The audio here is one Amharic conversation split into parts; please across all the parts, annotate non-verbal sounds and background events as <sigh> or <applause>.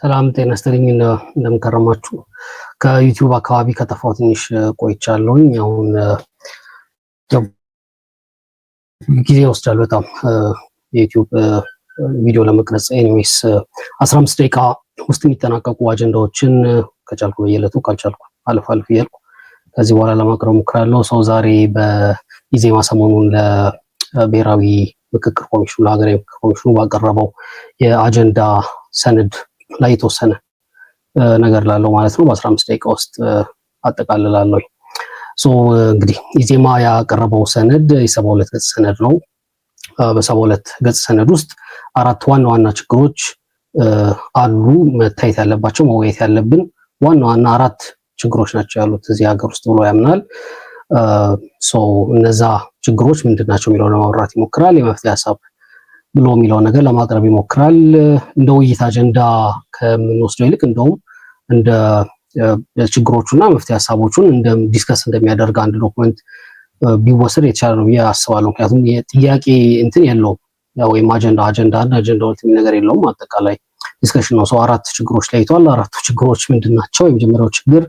ሰላም ጤና ይስጥልኝ። እንደምከረማችሁ ከዩቲዩብ አካባቢ ከጠፋው ትንሽ ቆይቻለሁኝ። አሁን ጊዜ ወስጃለሁ በጣም የዩቲዩብ ቪዲዮ ለመቅረጽ። ኤኒዌይስ አስራ አምስት ደቂቃ ውስጥ የሚጠናቀቁ አጀንዳዎችን ከቻልኩ በየለቱ ካልቻልኩ አለፍ አለፍ እያልኩ ከዚህ በኋላ ለማቅረብ ሞክራለሁ። ሰው ዛሬ በኢዜማ ሰሞኑን ለብሔራዊ ምክክር ኮሚሽኑ ለሀገራዊ ምክክር ኮሚሽኑ ባቀረበው የአጀንዳ ሰነድ ላይ የተወሰነ ነገር ላለው ማለት ነው በአስራ አምስት ደቂቃ ውስጥ አጠቃልላለሁ። እንግዲህ ኢዜማ ያቀረበው ሰነድ የሰባ ሁለት ገጽ ሰነድ ነው። በሰባ ሁለት ገጽ ሰነድ ውስጥ አራት ዋና ዋና ችግሮች አሉ መታየት ያለባቸው መወያየት ያለብን ዋና ዋና አራት ችግሮች ናቸው ያሉት እዚህ ሀገር ውስጥ ብሎ ያምናል። እነዛ ችግሮች ምንድን ናቸው የሚለው ለማብራት ይሞክራል። የመፍትሄ ሀሳብ ብሎ የሚለውን ነገር ለማቅረብ ይሞክራል። እንደ ውይይት አጀንዳ ከምንወስደው ይልቅ እንደውም እንደ ችግሮቹና መፍትሄ ሀሳቦቹን እንደ ዲስከስ እንደሚያደርግ አንድ ዶክመንት ቢወሰድ የተሻለ ነው ብዬ አስባለሁ። ምክንያቱም የጥያቄ እንትን የለውም ወይም አጀንዳ አጀንዳ አንድ አጀንዳ ሁለት የሚል ነገር የለውም። አጠቃላይ ዲስከሽን ነው። ሰው አራት ችግሮች ለይቷል። አራቱ ችግሮች ምንድን ናቸው? የመጀመሪያው ችግር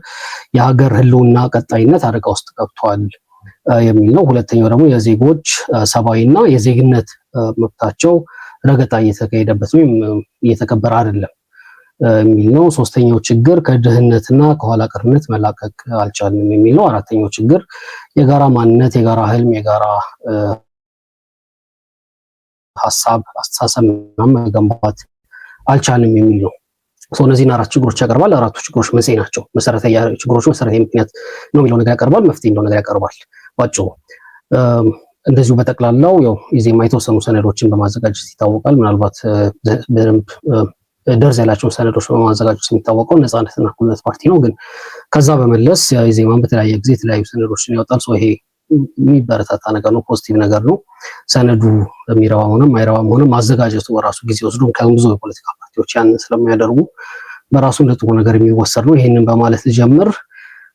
የሀገር ህልውና ቀጣይነት አደጋ ውስጥ ገብቷል የሚል ነው። ሁለተኛው ደግሞ የዜጎች ሰብአዊና የዜግነት መብታቸው ረገጣ እየተካሄደበት ወይም እየተከበረ አይደለም የሚል ነው። ሶስተኛው ችግር ከድህነትና ከኋላ ቀርነት መላቀቅ አልቻልንም የሚል ነው። አራተኛው ችግር የጋራ ማንነት፣ የጋራ ህልም፣ የጋራ ሀሳብ፣ አስተሳሰብ መገንባት አልቻልንም የሚል ነው። እነዚህን አራት ችግሮች ያቀርባል። አራቱ ችግሮች መንስኤ ናቸው። መሰረታዊ ችግሮች መሰረታዊ ምክንያት ነው የሚለው ነገር ያቀርባል። መፍትሄ የሚለው ነገር ያቀርባል። ባጭሩ እንደዚሁ በጠቅላላው ያው ኢዜማ የተወሰኑ ሰነዶችን በማዘጋጀት ይታወቃል። ምናልባት በደንብ ደርዝ ያላቸውን ሰነዶች በማዘጋጀት የሚታወቀው ነፃነትና እኩልነት ፓርቲ ነው። ግን ከዛ በመለስ ኢዜማን በተለያየ ጊዜ የተለያዩ ሰነዶችን ያወጣል። ሰው ይሄ የሚበረታታ ነገር ነው፣ ፖዚቲቭ ነገር ነው። ሰነዱ የሚረባ ሆነም አይረባም ሆነም ማዘጋጀቱ በራሱ ጊዜ ወስዶ ብዙ የፖለቲካ ፓርቲዎች ያንን ስለሚያደርጉ በራሱ እንደ ጥሩ ነገር የሚወሰድ ነው። ይህንን በማለት ልጀምር።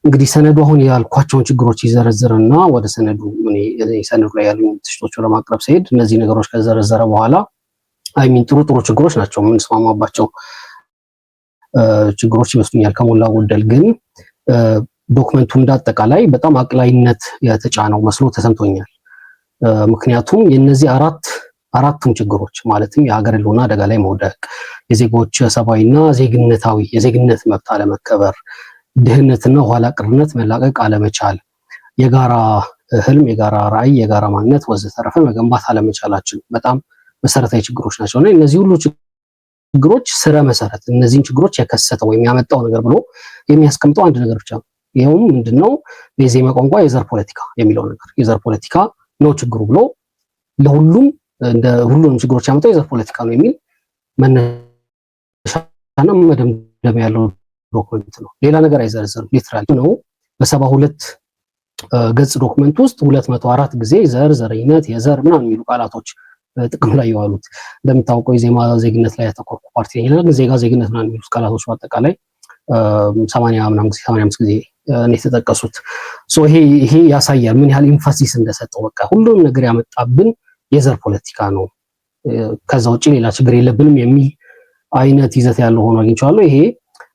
እንግዲህ ሰነዱ አሁን ያልኳቸውን ችግሮች ይዘረዝርና ወደ ሰነዱ ሰነዱ ላይ ያሉ ትሽቶቹ ለማቅረብ ሲሄድ እነዚህ ነገሮች ከዘረዘረ በኋላ አይሚን ጥሩ ጥሩ ችግሮች ናቸው የምንስማማባቸው ችግሮች ይመስሉኛል። ከሞላ ጎደል ግን ዶክመንቱ እንዳጠቃላይ በጣም አቅላይነት የተጫነው መስሎ ተሰምቶኛል። ምክንያቱም የነዚህ አራት አራቱም ችግሮች ማለትም የሀገር ሕልውና አደጋ ላይ መውደቅ፣ የዜጎች ሰብአዊና ዜግነታዊ የዜግነት መብት አለመከበር ድህነትና ኋላ ቅርነት መላቀቅ አለመቻል፣ የጋራ ህልም፣ የጋራ ራዕይ፣ የጋራ ማንነት ወዘተረፈ መገንባት አለመቻላችን በጣም መሰረታዊ ችግሮች ናቸው እና እነዚህ ሁሉ ችግሮች ስረ መሰረት እነዚህን ችግሮች የከሰተው ወይም ያመጣው ነገር ብሎ የሚያስቀምጠው አንድ ነገር ብቻ ነው። ይኸውም ምንድነው? በኢዜማ ቋንቋ የዘር ፖለቲካ የሚለው ነገር የዘር ፖለቲካ ነው ችግሩ ብሎ ለሁሉም እንደ ሁሉንም ችግሮች ያመጣው የዘር ፖለቲካ ነው የሚል መነሻና መደምደም ያለው ዶክመንት ነው። ሌላ ነገር አይዘርዝርም። ሊትራሊ ነው በሰባ ሁለት ገጽ ዶክመንት ውስጥ ሁለት መቶ አራት ጊዜ ዘር፣ ዘረኝነት፣ የዘር ምናምን የሚሉ ቃላቶች ጥቅም ላይ የዋሉት እንደምታውቀው የዜማ ዜግነት ላይ ያተኮርኩ ፓርቲ ነኝ። ዜጋ ዜግነት ምናምን የሚሉት ቃላቶች በአጠቃላይ ሰማንያ ምናምን ጊዜ ሰማንያ አምስት ጊዜ የተጠቀሱት ይሄ ያሳያል ምን ያህል ኢንፋሲስ እንደሰጠው። በቃ ሁሉንም ነገር ያመጣብን የዘር ፖለቲካ ነው፣ ከዛ ውጭ ሌላ ችግር የለብንም የሚል አይነት ይዘት ያለው ሆኖ አግኝቼዋለሁ ይሄ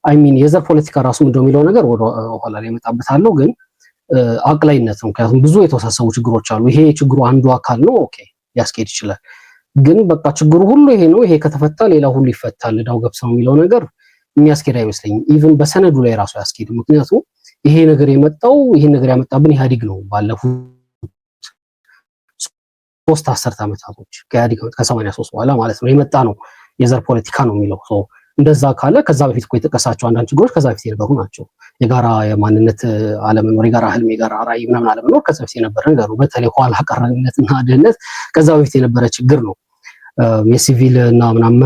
አይሚን የዘር ፖለቲካ ራሱ ምንድነው የሚለው ነገር ወደ ኋላ ላይ እመጣበታለሁ። ግን አቅላይነት ነው። ምክንያቱም ብዙ የተወሳሰቡ ችግሮች አሉ። ይሄ ችግሩ አንዱ አካል ነው። ኦኬ ሊያስኬድ ይችላል። ግን በቃ ችግሩ ሁሉ ይሄ ነው፣ ይሄ ከተፈታ ሌላ ሁሉ ይፈታል፣ ልዳው ገብስ ነው የሚለው ነገር የሚያስኬድ አይመስለኝም። ኢቭን በሰነዱ ላይ ራሱ ያስኬድ ምክንያቱም ይሄ ነገር የመጣው ይሄን ነገር ያመጣብን ኢህአዲግ ነው ባለፉት ሶስት አስርት ዓመታቶች ከኢህአዲግ ከሰማንያ ሶስት በኋላ ማለት ነው የመጣ ነው የዘር ፖለቲካ ነው የሚለው እንደዛ ካለ ከዛ በፊት እኮ የጠቀሳቸው አንዳንድ ችግሮች ከዛ በፊት የነበሩ ናቸው። የጋራ የማንነት አለመኖር፣ የጋራ ህልም፣ የጋራ ራዕይ ምናምን አለመኖር ከዛ በፊት የነበረ ነገሩ፣ በተለይ ኋላ ቀረነትና ድህነት ከዛ በፊት የነበረ ችግር ነው። የሲቪል እና ምናምን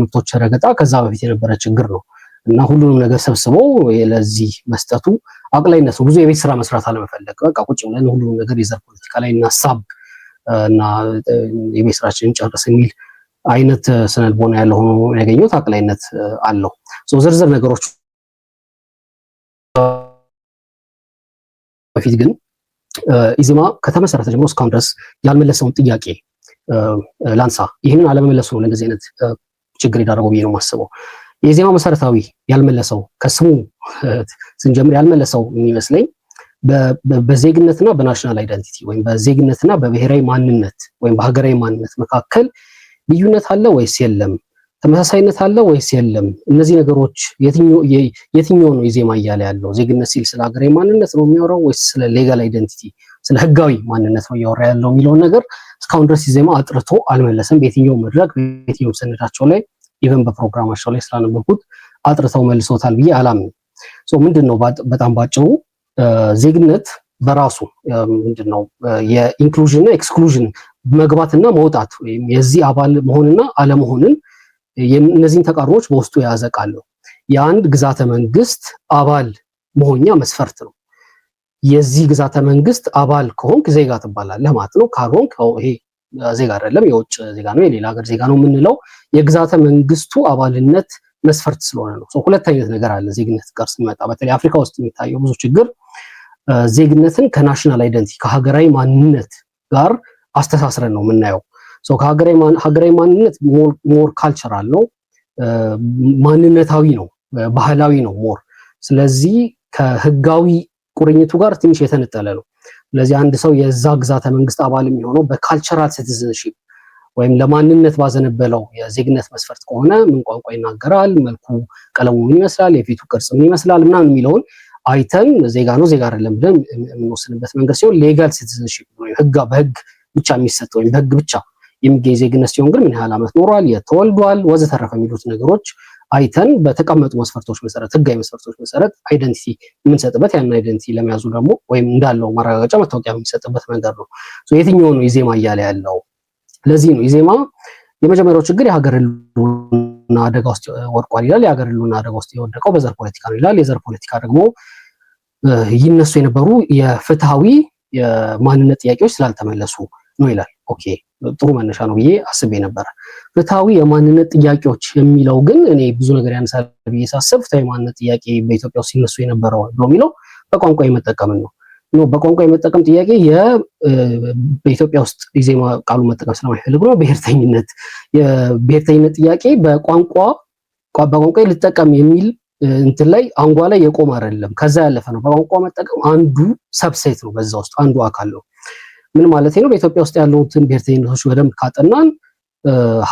መብቶች ረገጣ ከዛ በፊት የነበረ ችግር ነው እና ሁሉንም ነገር ሰብስቦ ለዚህ መስጠቱ አቅላይነት ነው። ብዙ የቤት ስራ መስራት አለመፈለግ፣ በቃ ቁጭ ብለን ሁሉንም ነገር የዘር ፖለቲካ ላይ እናሳብ እና የቤት ስራችንን ጨርስ የሚል አይነት ስነልቦና ያለ ሆኖ ያገኘው አቅላይነት አለው። ዝርዝር ነገሮች በፊት ግን ኢዜማ ከተመሰረተ ጀምሮ እስካሁን ድረስ ያልመለሰውን ጥያቄ ላንሳ። ይህንን አለመመለሱ ነው ለእንደዚህ አይነት ችግር የዳረገው ብዬ ነው የማስበው። የኢዜማ መሰረታዊ ያልመለሰው ከስሙ <laughs> ስንጀምር ያልመለሰው የሚመስለኝ በዜግነትና በናሽናል አይደንቲቲ ወይም በዜግነትና በብሔራዊ ማንነት ወይም በሀገራዊ ማንነት መካከል ልዩነት አለ ወይስ የለም? ተመሳሳይነት አለ ወይስ የለም? እነዚህ ነገሮች የትኛው ነው የዜማ እያለ ያለው? ዜግነት ሲል ስለ ሀገራዊ ማንነት ነው የሚያወራው ወይስ ስለ ሌጋል አይደንቲቲ ስለ ህጋዊ ማንነት ነው እያወራ ያለው የሚለውን ነገር እስካሁን ድረስ ዜማ አጥርቶ አልመለሰም። በየትኛው መድረክ በየትኛው ሰነዳቸው ላይ ኢቨን በፕሮግራማቸው ላይ ስላነበርኩት አጥርተው መልሶታል ብዬ አላምን ምንድን ነው በጣም ባጭሩ ዜግነት በራሱ ምንድን ነው የኢንክሉዥን ኤክስክሉዥን መግባትና መውጣት ወይም የዚህ አባል መሆንና አለመሆንን እነዚህን ተቃርኖች በውስጡ የያዘ ቃል ነው። የአንድ ግዛተ መንግስት አባል መሆኛ መስፈርት ነው። የዚህ ግዛተ መንግስት አባል ከሆንክ ዜጋ ትባላለህ ማለት ነው። ካልሆንክ ይሄ ዜጋ አይደለም፣ የውጭ ዜጋ ነው፣ የሌላ ሀገር ዜጋ ነው የምንለው የግዛተ መንግስቱ አባልነት መስፈርት ስለሆነ ነው። ሁለት አይነት ነገር አለ ዜግነት ጋር ሲመጣ በተለይ አፍሪካ ውስጥ የሚታየው ብዙ ችግር ዜግነትን ከናሽናል አይደንቲ ከሀገራዊ ማንነት ጋር አስተሳስረን ነው የምናየው። ሀገራዊ ማንነት ሞር ካልቸራል ነው፣ ማንነታዊ ነው፣ ባህላዊ ነው ሞር። ስለዚህ ከህጋዊ ቁርኝቱ ጋር ትንሽ የተነጠለ ነው። ስለዚህ አንድ ሰው የዛ ግዛተ መንግስት አባል የሚሆነው በካልቸራል ሲቲዝንሺፕ ወይም ለማንነት ባዘነበለው የዜግነት መስፈርት ከሆነ ምን ቋንቋ ይናገራል፣ መልኩ ቀለሙ ምን ይመስላል፣ የፊቱ ቅርጽ ምን ይመስላል ምናምን የሚለውን አይተን ዜጋ ነው ዜጋ አይደለም ብለን የምንወስንበት መንገድ ሲሆን ሌጋል ሲቲዝንሺፕ በህግ ብቻ የሚሰጥ ወይም በህግ ብቻ የሚገኝ ዜግነት ሲሆን ግን ምን ያህል ዓመት ኖሯል፣ የተወልዷል፣ ወዘተረፈ የሚሉት ነገሮች አይተን በተቀመጡ መስፈርቶች መሰረት ህጋዊ መስፈርቶች መሰረት አይደንቲቲ የምንሰጥበት ያንን አይደንቲቲ ለመያዙ ደግሞ ወይም እንዳለው ማረጋገጫ መታወቂያ የሚሰጥበት መንገድ ነው። የትኛው ነው ኢዜማ እያለ ያለው? ለዚህ ነው ኢዜማ የመጀመሪያው ችግር የሀገር ህልውና አደጋ ውስጥ ወድቋል ይላል። የሀገር ህልውና አደጋ ውስጥ የወደቀው በዘር ፖለቲካ ነው ይላል። የዘር ፖለቲካ ደግሞ ይነሱ የነበሩ የፍትሃዊ የማንነት ጥያቄዎች ስላልተመለሱ ነው ይላል። ኦኬ ጥሩ መነሻ ነው ብዬ አስቤ ነበረ። ፍትሃዊ የማንነት ጥያቄዎች የሚለው ግን እኔ ብዙ ነገር ያነሳል ብዬ ሳስብ ፍትሃዊ የማንነት ጥያቄ በኢትዮጵያ ውስጥ ሲነሱ የነበረው ብሎ የሚለው በቋንቋ የመጠቀምን ነው ነው በቋንቋ የመጠቀም ጥያቄ በኢትዮጵያ ውስጥ ኢዜማ ቃሉ መጠቀም ስለማይፈልግ ነው። ብሔርተኝነት የብሔርተኝነት ጥያቄ በቋንቋ በቋንቋ ልጠቀም የሚል እንትን ላይ አንጓ ላይ የቆም አይደለም፣ ከዛ ያለፈ ነው። በቋንቋ መጠቀም አንዱ ሰብሴት ነው፣ በዛ ውስጥ አንዱ አካል ነው። ምን ማለት ነው? በኢትዮጵያ ውስጥ ያለውን ብሔርተኝነቶች በደንብ ካጠናን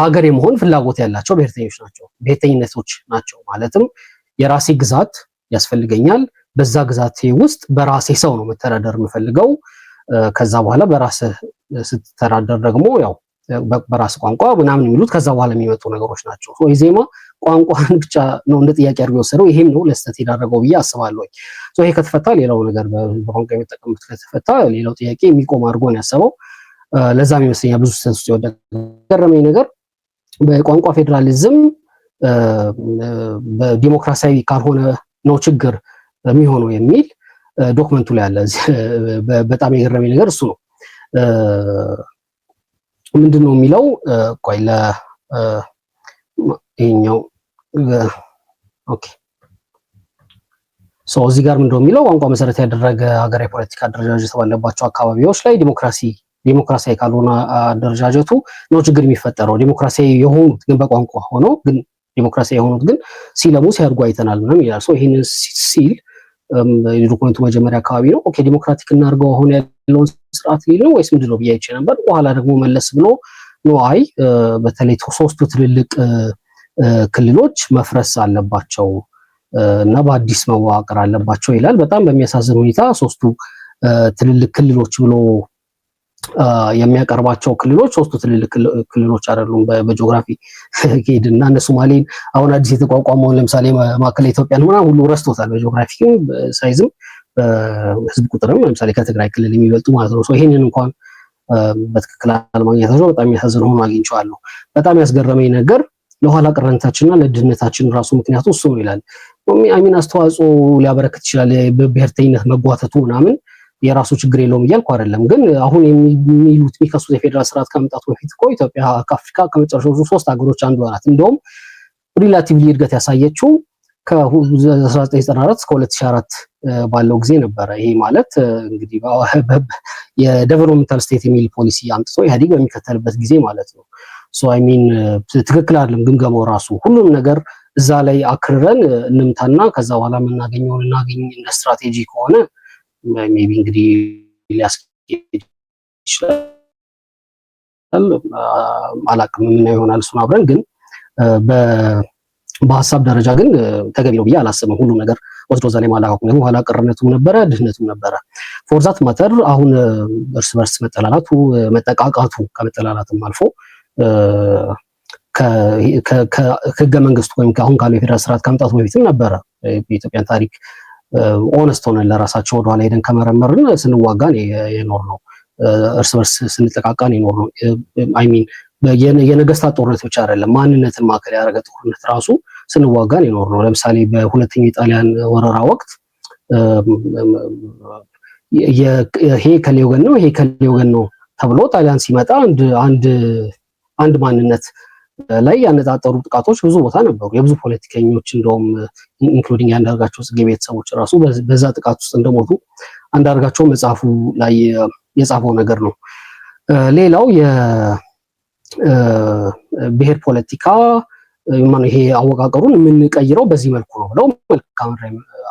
ሀገር የመሆን ፍላጎት ያላቸው ብሔርተኞች ናቸው ብሔርተኝነቶች ናቸው። ማለትም የራሴ ግዛት ያስፈልገኛል በዛ ግዛቴ ውስጥ በራሴ ሰው ነው መተዳደር የምፈልገው። ከዛ በኋላ በራስህ ስትተዳደር ደግሞ ያው በራስ ቋንቋ ምናምን የሚሉት ከዛ በኋላ የሚመጡ ነገሮች ናቸው። ዜማ ቋንቋን ብቻ ነው እንደ ጥያቄ አድርጎ የወሰደው። ይሄም ነው ለስተት የዳረገው ብዬ አስባለሁ። ይሄ ከተፈታ ሌላው ነገር በቋንቋ የሚጠቀሙት ከተፈታ ሌላው ጥያቄ የሚቆም አድርጎ ነው ያሰበው። ለዛም ይመስለኛ ብዙ ስተት ውስጥ የወደቀ። ገረመኝ ነገር በቋንቋ ፌዴራሊዝም በዲሞክራሲያዊ ካልሆነ ነው ችግር የሚሆነው የሚል ዶክመንቱ ላይ አለ። በጣም የገረመኝ ነገር እሱ ነው። ምንድን ነው የሚለው? ቆይ ለይኛው እዚህ ጋር ምንድነው የሚለው? ቋንቋ መሰረት ያደረገ ሀገራዊ ፖለቲካ አደረጃጀት ባለባቸው አካባቢዎች ላይ ዲሞክራሲ ዲሞክራሲያዊ ካልሆነ አደረጃጀቱ ነው ችግር የሚፈጠረው። ዲሞክራሲያዊ የሆኑት ግን በቋንቋ ሆነው ግን ዲሞክራሲያዊ የሆኑት ግን ሲለሙ ሲያድጉ አይተናል ምናምን ይላል። ይህንን ሲል የዶኩመንቱ መጀመሪያ አካባቢ ነው። ኦኬ ዲሞክራቲክ እናድርገው አሁን ያለውን ስርዓት ሊል ነው ወይስ ምንድን ነው ብዬ አይቼ ነበር። በኋላ ደግሞ መለስ ብሎ ነው አይ በተለይ ሶስቱ ትልልቅ ክልሎች መፍረስ አለባቸው እና በአዲስ መዋቅር አለባቸው ይላል። በጣም በሚያሳዝን ሁኔታ ሶስቱ ትልልቅ ክልሎች ብሎ የሚያቀርባቸው ክልሎች ሶስቱ ትልልቅ ክልሎች አይደሉም። በጂኦግራፊ ሄድ እና እነ ሶማሌን አሁን አዲስ የተቋቋመውን ለምሳሌ ማዕከላዊ ኢትዮጵያን ምናምን ሁሉ ረስቶታል። በጂኦግራፊ ሳይዝም በህዝብ ቁጥርም ለምሳሌ ከትግራይ ክልል የሚበልጡ ማለት ነው። ይህንን እንኳን በትክክል አለማግኘታቸው በጣም ያሳዝን ሆኖ አግኝቼዋለሁ። በጣም ያስገረመኝ ነገር ለኋላ ቀረነታችንና ለድህነታችን ራሱ ምክንያቱ እሱ ነው ይላል። አሚን አስተዋጽኦ ሊያበረክት ይችላል በብሔርተኝነት መጓተቱ ምናምን የራሱ ችግር የለውም እያልኩ አይደለም። ግን አሁን የሚሉት የሚከሱት የፌዴራል ስርዓት ከመምጣቱ በፊት እኮ ኢትዮጵያ ከአፍሪካ ከመጨረሻዎቹ ሶስት ሀገሮች አንዷ ናት። እንደውም ሪላቲቭሊ እድገት ያሳየችው ከ1994 እስከ 2004 ባለው ጊዜ ነበረ። ይሄ ማለት እንግዲህ የዴቨሎፕመንታል ስቴት የሚል ፖሊሲ አምጥቶ ኢህአዴግ በሚከተልበት ጊዜ ማለት ነው። ሶ አይ ሚን ትክክል አይደለም ግምገማው ራሱ ሁሉም ነገር እዛ ላይ አክርረን እንምታና ከዛ በኋላ የምናገኘውን እናገኝ እንደ ስትራቴጂ ከሆነ ሜቢ እንግዲህ ሊያስኬድ ይችላል። አላቅም የምናየው ይሆናል። እሱን አብረን ግን በሀሳብ ደረጃ ግን ተገቢ ነው ብዬ አላስብም። ሁሉም ነገር ወስዶ እዛ ላይ ማላቀቁ ነው። ኋላ ቀርነቱም ነበረ፣ ድህነቱም ነበረ። ፎርዛት ማተር አሁን እርስ በርስ መጠላላቱ፣ መጠቃቃቱ ከመጠላላትም አልፎ ከህገ መንግስቱ ወይም አሁን ካለው የፌደራል ስርዓት ከመምጣቱ በፊትም ነበረ የኢትዮጵያን ታሪክ ኦነስት ሆነን ለራሳቸው ወደኋላ ሄደን ከመረመርን ስንዋጋን የኖር ነው፣ እርስ በርስ ስንጠቃቃን የኖር ነው። የነገስታት ጦርነት ብቻ አይደለም፣ ማንነትን ማዕከል ያደረገ ጦርነት ራሱ ስንዋጋን የኖር ነው። ለምሳሌ በሁለተኛው የጣሊያን ወረራ ወቅት ይሄ ከሌ ወገን ነው፣ ይሄ ከሌ ወገን ነው ተብሎ ጣሊያን ሲመጣ አንድ ማንነት ላይ ያነጣጠሩ ጥቃቶች ብዙ ቦታ ነበሩ። የብዙ ፖለቲከኞች እንደውም ኢንክሉዲንግ የአንዳርጋቸው ጽጌ ቤተሰቦች ራሱ በዛ ጥቃት ውስጥ እንደሞቱ አንዳርጋቸው መጽሐፉ ላይ የጻፈው ነገር ነው። ሌላው የብሔር ፖለቲካ ይሄ አወቃቀሩን የምንቀይረው በዚህ መልኩ ነው ብለው መልክዓ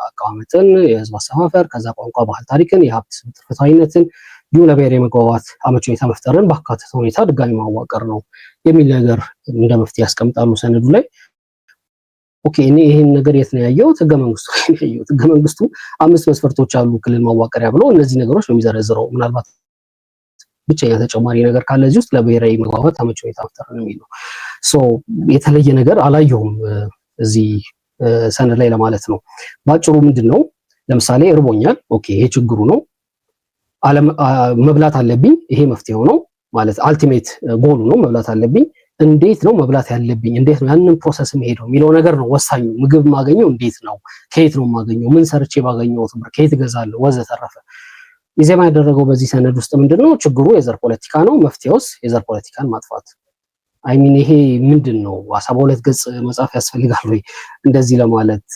አቀማመጥን፣ የህዝብ አሰፋፈር፣ ከዛ ቋንቋ፣ ባህል፣ ታሪክን፣ የሀብት ፍትሃዊነትን እንዲሁም ለብሔር የመግባባት አመቺ ሁኔታ መፍጠርን ባካተተ ሁኔታ ድጋሚ ማዋቀር ነው የሚል ነገር እንደ መፍትሄ ያስቀምጣሉ ሰነዱ ላይ። ኦኬ እኔ ይህን ነገር የት ነው ያየሁት? ህገ መንግስቱ ያየሁት። ህገ መንግስቱ አምስት መስፈርቶች አሉ ክልል ማዋቀሪያ ብሎ እነዚህ ነገሮች ነው የሚዘረዝረው። ምናልባት ብቸኛ ተጨማሪ ነገር ካለ እዚህ ውስጥ ለብሔራዊ መግባባት አመቺ ሁኔታ መፍጠር ነው የሚል ነው። የተለየ ነገር አላየሁም እዚህ ሰነድ ላይ ለማለት ነው። በአጭሩ ምንድን ነው ለምሳሌ እርቦኛል፣ ኦኬ ይሄ ችግሩ ነው፣ መብላት አለብኝ፣ ይሄ መፍትሄው ነው። ማለት አልቲሜት ጎሉ uh, ነው መብላት አለብኝ። እንዴት ነው መብላት ያለብኝ? እንዴት ነው ያንን ፕሮሰስ የምሄደው የሚለው ነገር ነው ወሳኙ። ምግብ ማገኘው እንዴት ነው? ከየት ነው ማገኘው? ምን ሰርቼ ባገኘው ትምህር ከየት ገዛለሁ? ወዘተረፈ። ኢዜማ ያደረገው በዚህ ሰነድ ውስጥ ነው? ችግሩ? የዘር ፖለቲካ ነው። መፍትሄውስ የዘር ፖለቲካን ማጥፋት። አይሚን ይሄ ምንድን ነው? አስራ ሁለት ገጽ መጽሐፍ ያስፈልጋል ወይ እንደዚህ ለማለት?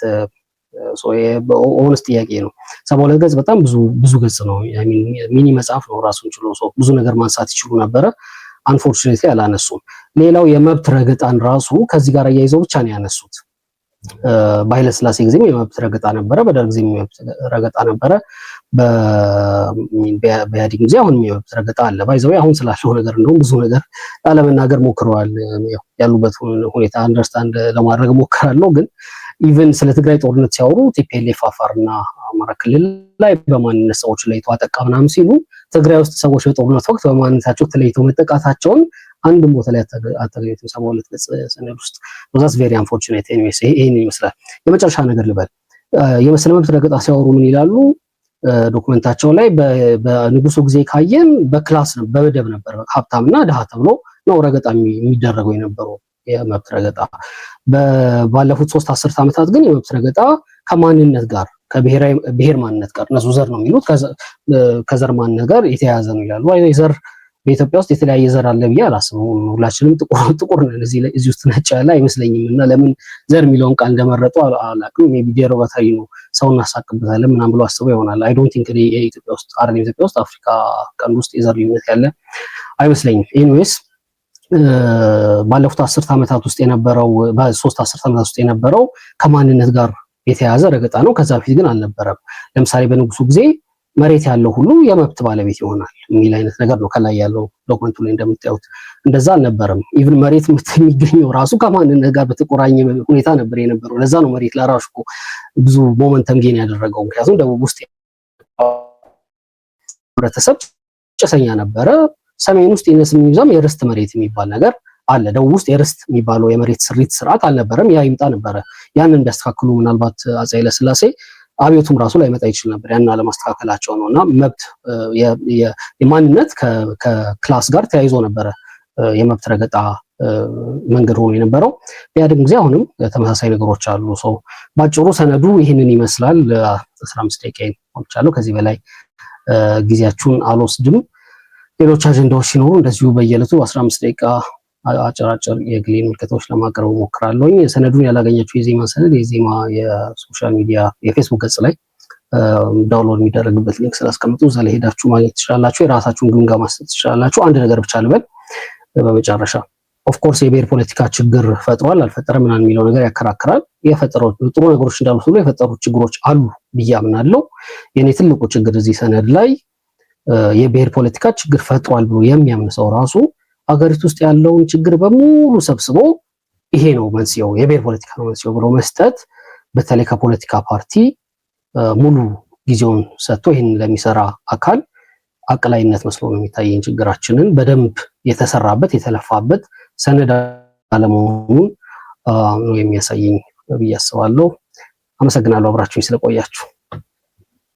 ኦነስ ጥያቄ ነው። ሰባ ሁለት ገጽ በጣም ብዙ ብዙ ገጽ ነው። ሚኒ መጽሐፍ ነው ራሱን ችሎ ብዙ ነገር ማንሳት ይችሉ ነበረ። አንፎርቹኔትሊ አላነሱም። ሌላው የመብት ረገጣን ራሱ ከዚህ ጋር እያይዘው ብቻ ነው ያነሱት። በኃይለስላሴ ጊዜም የመብት ረገጣ ነበረ፣ በደርግ ጊዜም የመብት ረገጣ ነበረ። በኢህአዴግ ጊዜ አሁን የመብት ረገጣ አለ። ባይዘው አሁን ስላለው ነገር እንደውም ብዙ ነገር ላለመናገር ሞክረዋል። ያሉበት ሁኔታ አንደርስታንድ ለማድረግ ሞክራለሁ። ግን ኢቨን ስለ ትግራይ ጦርነት ሲያወሩ ቲፒኤልኤፍ አፋርና አማራ ክልል ላይ በማንነት ሰዎች ለይቶ አጠቃ ምናምን ሲሉ ትግራይ ውስጥ ሰዎች በጦርነት ወቅት በማንነታቸው ተለይቶ መጠቃታቸውን አንድም ቦታ ላይ አታገኙትም። ሰባ ሁለት ገጽ ስንል ውስጥ ዛስ ቬሪ አንፎርቹኔት ይህን ይመስላል። የመጨረሻ ነገር ልበል የመሰለ መብት ረገጣ ሲያወሩ ምን ይላሉ? ዶክመንታቸው ላይ በንጉሱ ጊዜ ካየን በክላስ በመደብ ነበር ሀብታምና ድሃ ተብሎ ነው ረገጣ የሚደረገው የነበረው የመብት ረገጣ። ባለፉት ሶስት አስርት ዓመታት ግን የመብት ረገጣ ከማንነት ጋር ከብሔር ማንነት ጋር እነሱ ዘር ነው የሚሉት ከዘር ማንነት ጋር የተያያዘ ነው ይላሉ የዘር በኢትዮጵያ ውስጥ የተለያየ ዘር አለ ብዬ አላስብም። ሁላችንም ጥቁር <laughs> ነን፣ እዚህ ውስጥ ነጭ ያለ አይመስለኝም። እና ለምን ዘር የሚለውን ቃል እንደመረጡ አላውቅም። ሜይ ቢ ዴሮጋታሪ ነው ሰው እናሳቅበታለን ምናምን ብሎ አስበው ይሆናል። አይ ዶንት ቲንክ ኢትዮጵያ ውስጥ አረ ኢትዮጵያ ውስጥ አፍሪካ ቀንድ ውስጥ የዘር ልዩነት ያለ አይመስለኝም። ኤኒዌይስ ባለፉት አስርት ዓመታት ውስጥ የነበረው በሶስት አስርት ዓመታት ውስጥ የነበረው ከማንነት ጋር የተያያዘ ረገጣ ነው። ከዛ በፊት ግን አልነበረም። ለምሳሌ በንጉሱ ጊዜ መሬት ያለው ሁሉ የመብት ባለቤት ይሆናል የሚል አይነት ነገር ነው። ከላይ ያለው ዶክመንቱ ላይ እንደምታዩት እንደዛ አልነበረም። ኢቭን መሬት የሚገኘው ራሱ ከማንነት ጋር በተቆራኘ ሁኔታ ነበር የነበረው። ለዛ ነው መሬት ለራሱ እኮ ብዙ ሞመንተም ጌን ያደረገው። ምክንያቱም ደቡብ ውስጥ ህብረተሰብ ጭሰኛ ነበረ። ሰሜን ውስጥ ይነስ የሚብዛም የርስት መሬት የሚባል ነገር አለ። ደቡብ ውስጥ የርስት የሚባለው የመሬት ስሪት ስርዓት አልነበረም። ያ ይምጣ ነበረ። ያንን ቢያስተካክሉ ምናልባት አፄ ኃይለስላሴ አቤቱም ራሱ ላይመጣ ይችል ነበር። ያን አለማስተካከላቸው ነው እና መብት የማንነት ከክላስ ጋር ተያይዞ ነበረ የመብት ረገጣ መንገድ ሆኖ የነበረው ያድም ጊዜ አሁንም ተመሳሳይ ነገሮች አሉ። ሰው ባጭሩ ሰነዱ ይህንን ይመስላል። አስራ አምስት ደቂቃ ሆንቻለሁ። ከዚህ በላይ ጊዜያችሁን አልወስድም። ሌሎች አጀንዳዎች ሲኖሩ እንደዚሁ በየለቱ አስራ አምስት ደቂቃ አጫጭር የግሌ ምልከታዎች ለማቅረብ ሞክራለሁ። ሰነዱን ያላገኛችሁ የዜማ ሰነድ የዜማ የሶሻል ሚዲያ የፌስቡክ ገጽ ላይ ዳውንሎድ የሚደረግበት ሊንክ ስላስቀምጡ እዛ ላይ ሄዳችሁ ማግኘት ትችላላችሁ። የራሳችሁን ግምገማ መስጠት ትችላላችሁ። አንድ ነገር ብቻ ልበል በመጨረሻ ኦፍኮርስ የብሔር ፖለቲካ ችግር ፈጥሯል አልፈጠረም ምናምን የሚለው ነገር ያከራክራል። የፈጠረው ጥሩ ነገሮች እንዳሉ ሁሉ የፈጠሩት ችግሮች አሉ ብዬ አምናለሁ። የኔ ትልቁ ችግር እዚህ ሰነድ ላይ የብሔር ፖለቲካ ችግር ፈጥሯል ብሎ የሚያምን ሰው ራሱ አገሪቱ ውስጥ ያለውን ችግር በሙሉ ሰብስቦ ይሄ ነው መንስኤው፣ የብሔር ፖለቲካ ነው መንስኤው ብሎ መስጠት በተለይ ከፖለቲካ ፓርቲ ሙሉ ጊዜውን ሰጥቶ ይህን ለሚሰራ አካል አቅላይነት መስሎ ነው የሚታየን። ችግራችንን በደንብ የተሰራበት የተለፋበት ሰነድ አለመሆኑን ነው የሚያሳየኝ ብዬ አስባለሁ። አመሰግናለሁ አብራችሁኝ ስለቆያችሁ።